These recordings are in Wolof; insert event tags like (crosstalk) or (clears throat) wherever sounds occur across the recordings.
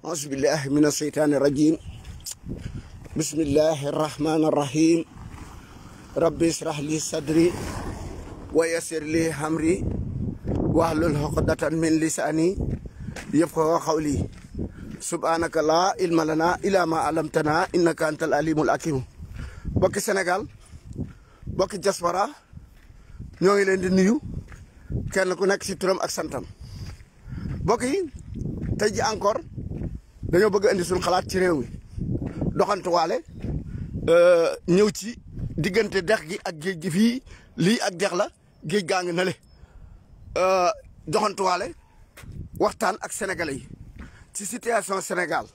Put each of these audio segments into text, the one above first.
أعوذ بالله من الشيطان الرجيم بسم الله الرحمن الرحيم ربي اشرح لي صدري ويسر لي أمري واحلل عقدة من لساني يفقهوا قولي سبحانك لا علم لنا إلا ما علمتنا إنك أنت العليم الحكيم bokki Sénégal bokki diaspora ñoo ngi leen di nuyu kenn ku nekk ci turam ak santam bokki tey ji encore dañoo bëgg indi suñu xalaat ci réew mi doxantuwaale euh, ñëw ci diggante dex gi ak géej gi fii lii ak dex la géej gaa ngi nale euh, doxantuwaale waxtaan ak sénégalais yi ci situation Sénégal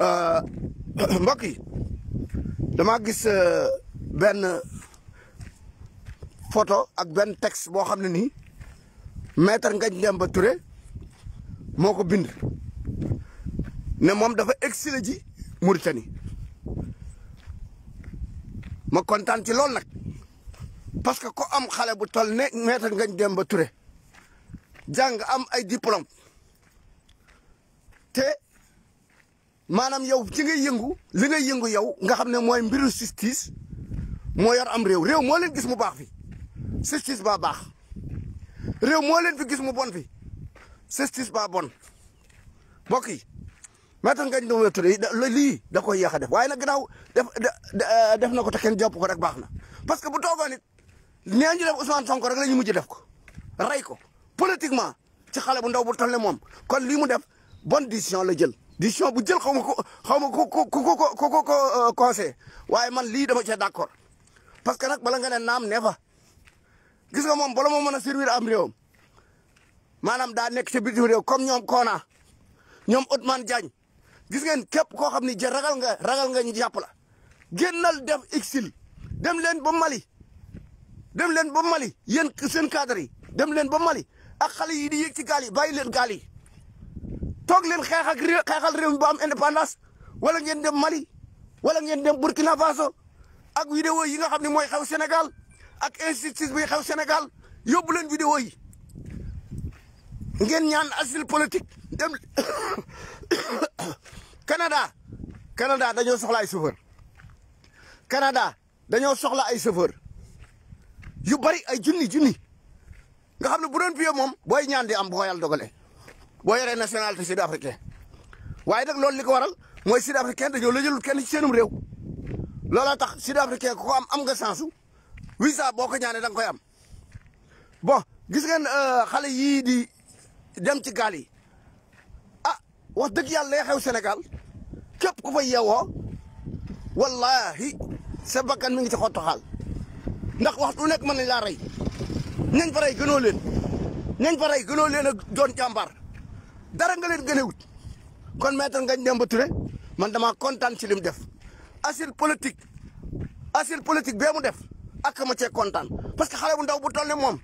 euh, (clears throat) mbokk yi damaa gis benn photo ak benn texte boo xam ne nii maître Ngagne Demba moo ko bind ne moom dafa exilé ji Mauritanie ma kontaan ci loolu nag parce que ko am xale bu toll ne Maître Ngagne Demba Touré jàng am ay diplôme te maanaam yow ci ngay yëngu li ngay yëngu yow nga xam ne mooy mbiru justice moo yor am réew réew moo leen gis mu baax fi justice baa baax réew moo leen fi gis mu bon fi justice baa bon mbokk yi maa tax ngañ doon Touré lii da koy yéex a def waaye nag gannaaw def eh, def na ko te kenn jàpp ko rek baax na parce que bu toogoon it nee ñu def Ousmane Sonko rek la ñu mujj def ko rey ko politiquement ci xale bu ndaw bu toll ne moom kon lii mu def bonne décision la jël. décision bu jël xaw ma ko xaw ma ko ko ko ko ko euh, conseil waaye man lii dama cee d'accord parce que nag bala nga ne naam ne fa gis nga moom bala moo mën a servir am réewam maanaam daa nekk ci bitim réew comme ñoom Kona ñoom Ousmane Diagne. gis ngeen képp koo xam ni ja ragal nga ragal nga ñu jàpp la génnal dem exil dem leen ba Mali dem leen ba Mali yéen seen cadre dem leen ba Mali ak xale yi di yéeg ci gaal yi bàyyi leen gaal toog leen xeex ak xeexal réew mi ba am indépendance wala ngeen dem Mali wala ngeen dem Burkina Faso ak vidéo yi nga xam ne mooy xew senegal ak injustice bi xew senegal yóbbu leen vidéo yi ngeen ñaan asile politique dem Canada Canada dañoo soxla ay chauffeur dañoo soxla ay chauffeur yu bari ay junni junni nga xam ne bu doon piyee moom booy ñaan di am boo yàlla dogale boo yoree nationalité sud africain waaye nag loolu li ko waral mooy sud africain dañoo la jëlul kenn ci seenum réew looloo tax sud africain ko am am nga sansu visa boo ko ñaanee da nga koy am bon gis euh, xale yii di dem ci gaal yi wax dëgg yàlla lay xew Sénégal képp ku fa yeewoo wallaahi sa bakkan mi ngi ci xottu xaal ndax waxtu nekk mën na laa rey ñañ fa rey gënoo leen ñañ fa rey gënoo leen a doon jàmbaar dara nga leen gën a kon maître Ngagne Demba man damaa kontaan ci li mu def asile politique asile politique bee mu def ak ma cee kontaan parce que xale bu ndaw bu tol ni moom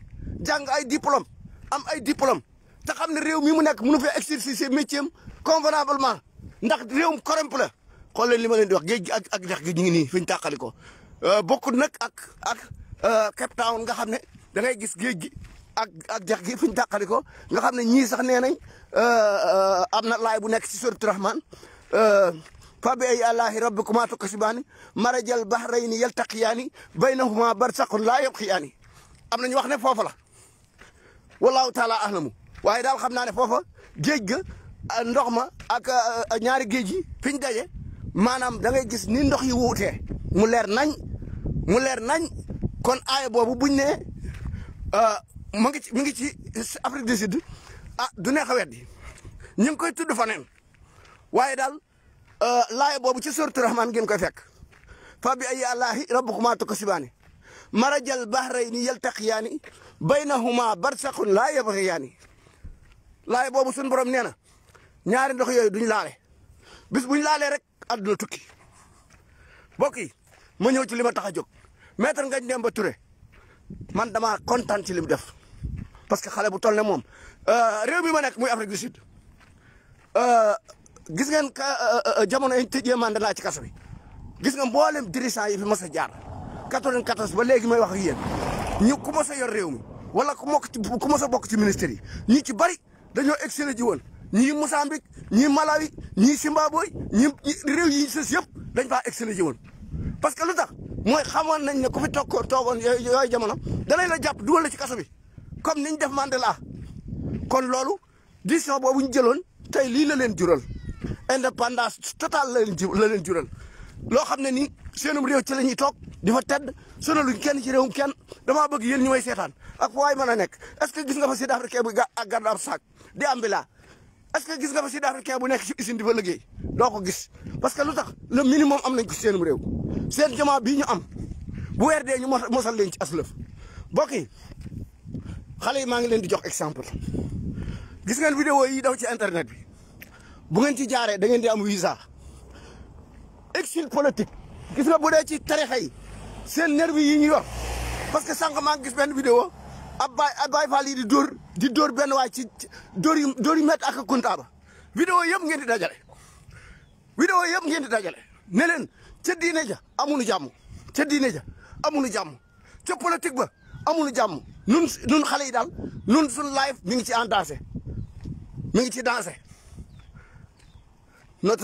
jàng ay diplôme am ay diplôme te xam ne réew mi mu nekk mënu fee se métier convenablement ndax réewum corrompu la xool leen li ma leen di wax géej gi ak ak dex gi ñu ngi nii fi ñu tàqali ko euh, bokkul nag ak ak euh, Cape Town nga xam ne da ngay gis géej gi ak ak dex gi fi ñu tàqali ko nga xam ne ñii sax nee nañ euh, am na laay bu nekk ci suratu Rahman fabi ay àllaahi rabbikumaa tuqsimaani marajal na yaltaqiyaani bar barzakhun laa yabghiyaani am na ñu wax ne foofa la wallaahu taala ahlamu waaye daal xam naa ne foofa géej ga Euh, ndox ma ak euh, ñaari géej fiñ fi daje maanaam da ngay gis ni ndox yi wuutee mu leer nañ mu leer nañ kon aaya boobu buñ ne euh, mu ngi ci mu ngi ci Afrique du Sud a ah, du neex a weddi ñu ngi koy tudd faneen waaye daal laaya boobu ci suuratu Rahmaan ngeen koy fekk fa bi ayyi alaahi rabbikumaa tukazzibaani marajal bahrayni yaltaqiyaani baynahuma barzakhun laa yabghiyaani laaya boobu suñu borom nee na ñaari ndox yooyu duñ laale bis ñu laalee rek àdduna tukki mbokk yi ma ñëw ci li ma tax a jóg maître Ngagne Demba Touré man damaa kontaan ci li mu def parce que xale bu toll ne moom euh, réew mi ma nekk muy Afrique du Sud euh, gis ngeen ka euh, jamono yi ñu tëjee mandat naa ci kaso bi gis nga mboolem dirigeant yi fi mos a jaar 94 ba léegi may wax ak yéen ñu ku mos a yor réew mi wala ku mokk ku mos a bokk ci ministère yi ñu ci bari dañoo excellé ji woon. ñii Mozambique ñii Malawi ñii Zimbabwe ñii réew yi sës yëpp dañ faa excellé ji woon. parce que lu tax mooy xamoon nañ ne ku fi toog toogoon yooyu jamono danañ la jàpp dugal la ci kaso bi comme niñ def Mandela kon loolu di décision boobu ñu jëloon tey lii la leen jural indépendance totale la leen la leen jural loo xam ne nii seenum réew ci la ñuy toog di fa tedd sonaluñ kenn ci réewum kenn damaa bëgg yéen ñu may seetaan ak waay mën a nekk est-ce que gis nga fa sud africain bi ga ak gardaam saak di am bi parce que gis nga ba si daafricain bu nekk si usine di fa liggéey doo ko gis parce que lu tax le minimum am nañ ko seenum rew seen jamono bii ñu am bu weer dee ñu mosal leen ci aslëf mbokk yi xale yi maa ngi leen di jox exemple gis ngeen vidéo yi daw ci internet bi bu ngeen ci jaaree da ngeen di am visa exil politique gis nga bu dee ci tarixa yi seen nervi yi ñu yor parce que sànq maa ngi gis benn vidéo ab baay ab di di ci ak vidéo ngeen di dajale vidéo ngeen di dajale ne diine ja amuñu jàmm diine ja amuñu jàmm politique ba amuñu jàmm nun nun xale nun mi ngi ci mi ngi ci not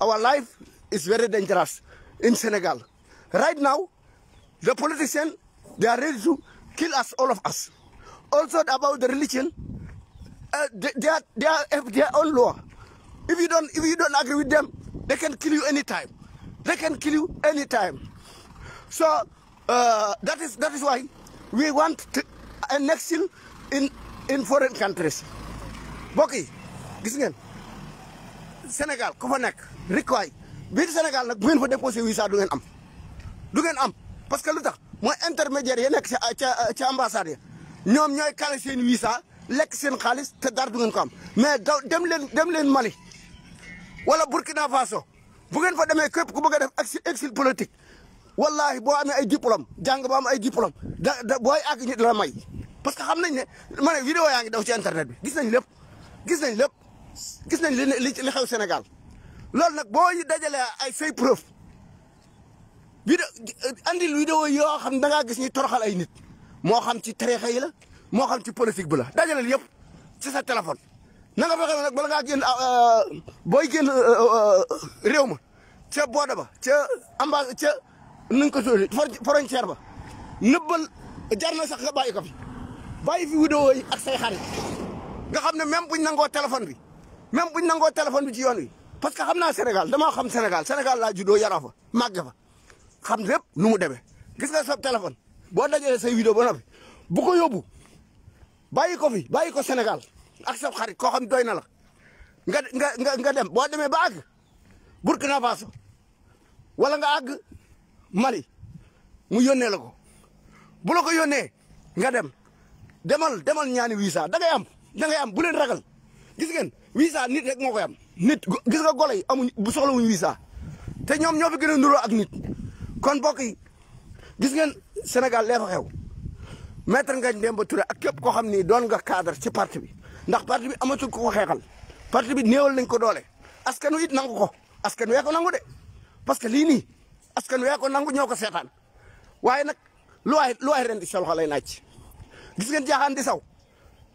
our life is very dangerous in Senegal right now the politicians they are ready to kill us, all of us. Also about the religion, uh, they, they, are, they have their own law. If you don't if you don't agree with them, they can kill you anytime. They can kill you anytime. So uh, that is that is why we want to, an exile in in foreign countries. mbokk listen, Sénégal ku fa nekk rikwaay biir Sénégal nag bu ngeen fa déposé visa du ngeen am du ngeen am parce que moy intermédiaire yi nek ci ci ambassade ñom ñoy ñooy kale seen visa lek seen xaliss te dar du ngeen ko am mais dem len dem len Mali wala Burkina Faso bu ngeen fa démé kep ku bëgg def exil politique wallahi bo amé ay diplôme jàng boo am ay diplôme boy ak booy àgg la may. parce que xamnañ ne mané vidéo yaa ngi daw ci internet bi gis nañ lépp gis nañ lépp gis nañ li xew Sénégal loolu nag boo dajalé ay fake preuve vidéo andil vidéo yoo xam da ngaa gis ni toroxal ay nit moo xam ci tarixa yi la moo xam ci politique bi la dajale yëpp ci sa téléphone. na nga fexe nag bala ngaa génn ah, ah, booy génn ah, réew ma ca booda ba ca ambassade ca nu ñu ko suulee frontière ba jar na sax nga bàyyi ko fi bàyyi fi vidéo yi ak say xarit nga xam ne même buñ nangoo téléphone bi même buñ nangoo téléphone bi ci yoon wi parce que xam naa Sénégal damaa xam Sénégal Sénégal laa juddoo yaroo fa màgge fa. xam lépp nu mu demee gis nga sop téléphone bo dajé say vidéo bo nopi bu ko yobbu bayiko fi bayiko Sénégal ak sop xarit ko xam doyna la nga nga nga dem bo démé ba Burkina Faso wala nga ag, Mali mu yónnee la ko bu la ko nga dem demal demal ñaani visa da ngay am da ngay am bu len ragal gis ngeen visa nit rek moko am nit gis nga golay amu bu soxla wuñ visa te ñom ñofi gëna nuro ak nit kon bokk yi gis ngeen Sénégal lee fa xew maître Ngagne Demba Touré ak képp koo xam ni doon nga cadre ci parti bi ndax parti bi amatul ko ko xeexal parti bi néewal nañ ko doole askan it nangu ko askan wee ko nangu de parce que lii nii askan wee ko nangu ñoo ko seetaan waaye nag lu waay lu waay ren di soloxo lay naaj gis ngeen jaaxaan di saw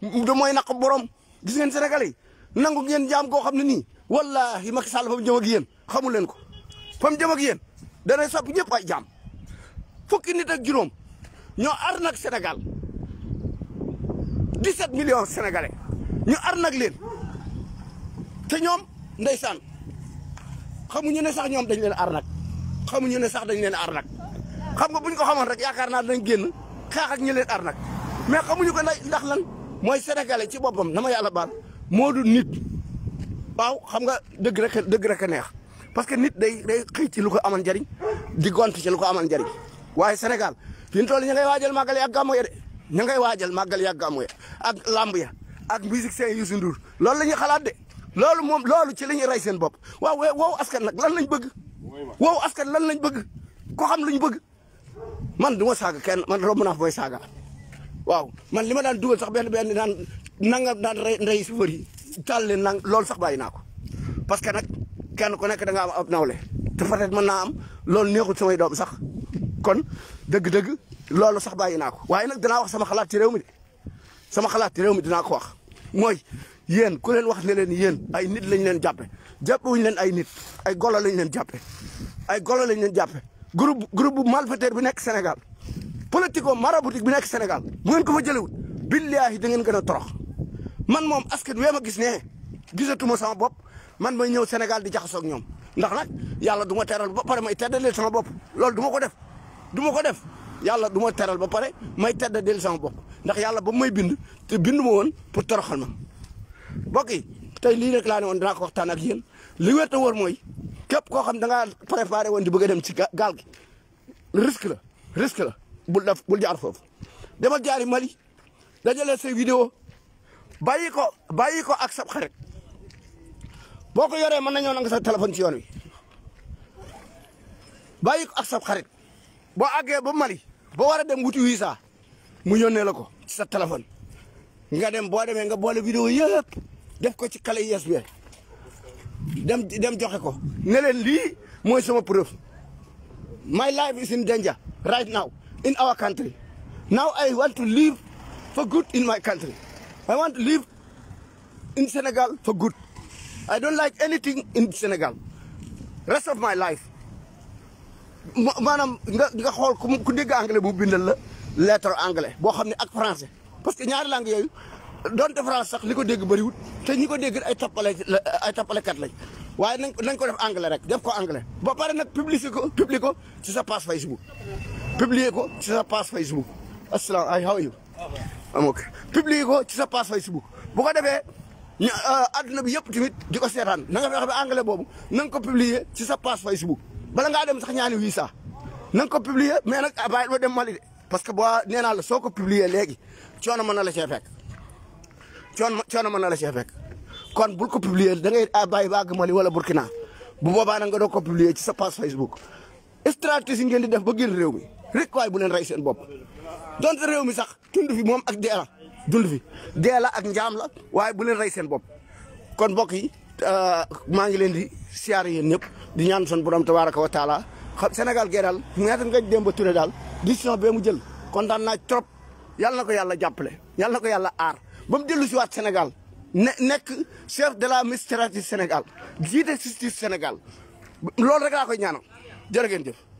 du mooy naq borom gis ngeen senegal yi nangu ngeen jaam koo xam ne nii wallaahi Macky fa mu jëm ak yéen xamu ko fa jëm ak yéen danay sàpp ñëpp ay jaam fukki nit ak juróom ñoo arnak senegal 17 million sénégalais ñu arnak leen te ñoom ndeysaan xamuñu ne sax ñoom dañ leen arnak xamuñu ne sax dañ leen arnak xam nga buñ ko xamoon rek yaakaar naa dañ génn xeex ak ñi leen arnak mais xamuñu ko dax lan mooy sénégalais ci boppam na ma yàlla baal moo du nit waaw xam nga dëgg rek neex. parce que nit day day xëy ci lu ko amal njariñ di gont ci lu ko amal njariñ waaye Sénégal fi ñu toll ñu ngay waajal màggal ya ak gàmmu de ñu ngay waajal màggal ya ak gàmmu ya ak làmb ya ak musicien Youssou Ndour loolu la ñuy xalaat de loolu moom loolu ci la ñuy rey seen bopp waaw wow askan nag lan lañ bëgg wow askan lan lañ bëgg ko xam luñ bëgg man du ma saaga kenn man romb naa fooy saaga waaw man li ma daan dugal sax benn benn naan nangam daan rey ndey si fër yi taal leen nang loolu sax bàyyi naa ko parce que nag kenn ku nek da nga am nawle te peut être mën am lool neexul samay doom sax kon deug deug loolu sax bayin aku ko waaye wax sama xalaat ci rewmi sama xalaat ci rewmi dina ko wax moy yeen ku len wax ne len yeen ay nit lañ len jappé jappu wuñ len ay nit ay golo lañ len jappé ay golo lañ len jappé groupe groupe malfaiteur bi nek Sénégal politico maraboutique bi nek Sénégal bu ngeen ko fa billahi da ngeen gëna torox man mom askan wéma gis né gisatuma sama bop man may ñëw Sénégal di jaxasoo ak ñoom ndax nag yàlla du ma teral ba pare may teddaleel sama bopp loolu du ma ko def du ma ko def yàlla du ma teral ba pare may teddaleel sama bopp ndax yàlla ba may bind te bind ma woon pour toroxal ma mbokk yi tey lii rek laa ne woon dinaa ko waxtaan ak yéen li wér te mooy képp koo xam da ngaa préparé woon di bëgg a dem ci gaal gi la risque la bul def bul jaar foofu demal jaari Mali dajalee say vidéo bàyyi ko bàyyi ko ak sa boko yoré man nañu nang sa téléphone ci yoon wi bayik ak sa xarit bo àggee ba Mali bo wara dem wuti visa mu yónnee la ko ci sa téléphone nga dem bo démé nga bolé vidéo yépp def ko ci clé USB dem dem joxé ko né len li moy sama preuve my life is in danger right now in our country now I want to live for good in my country I want to live in Senegal for good I don't like anything in Senegal. Rest of my life. Manam nga nga xool ku dégg anglais bu bindal la lettre anglais boo xam ne ak français parce que ñaari langue yooyu doonte français sax li ko dégg bëriwut te ñi ko dégg ay tappale ay tappalekat lañ waaye nañ nañ ko def anglais rek def ko anglais ba pare nag publier ko publier ko ci sa page Facebook publier ko ci sa page Facebook Assalam ay how are you i am ok publier ko ci sa page Facebook bu ko defee ñu euh, àdduna bi yëpp tamit di ko seetaan nanga nga fexe ba boobu na nga ko publier ci sa page Facebook bala ngaa dem sax ñaani visa na nga ko publier mais nag ah, bàyyi doo dem Mali de parce que boo nee la soo ko publier léegi coono mën na la cee fekk coono coono mën na la cee fekk kon bul ko publier da ngay ah, bàyyi ba àgg Mali wala Burkina bu boobaa nag nga doo ko publier ci sa page Facebook stratégie ngeen di def ba génn réew mi rek waaye bu leen rey seen bopp donte réew mi sax tund fi moom ak dee dund fi dee la ak njaam la waaye bu leen rey seen bopp kon mbokk yi euh, maa ngi leen di siyaare yéen ñëpp di ñaan son borom tabaaraka wa taala xam Sénégal gee daal ñaata nga Demba Touré daal décision bee mu jël kontaan naa trop yàlla na ko yàlla jàppale yàlla na ko yàlla aar ba mu dellu si waat Sénégal ne nekk chef de la magistrature Sénégal jiite justice Sénégal loolu rek laa koy ñaanal jërë geen jëf.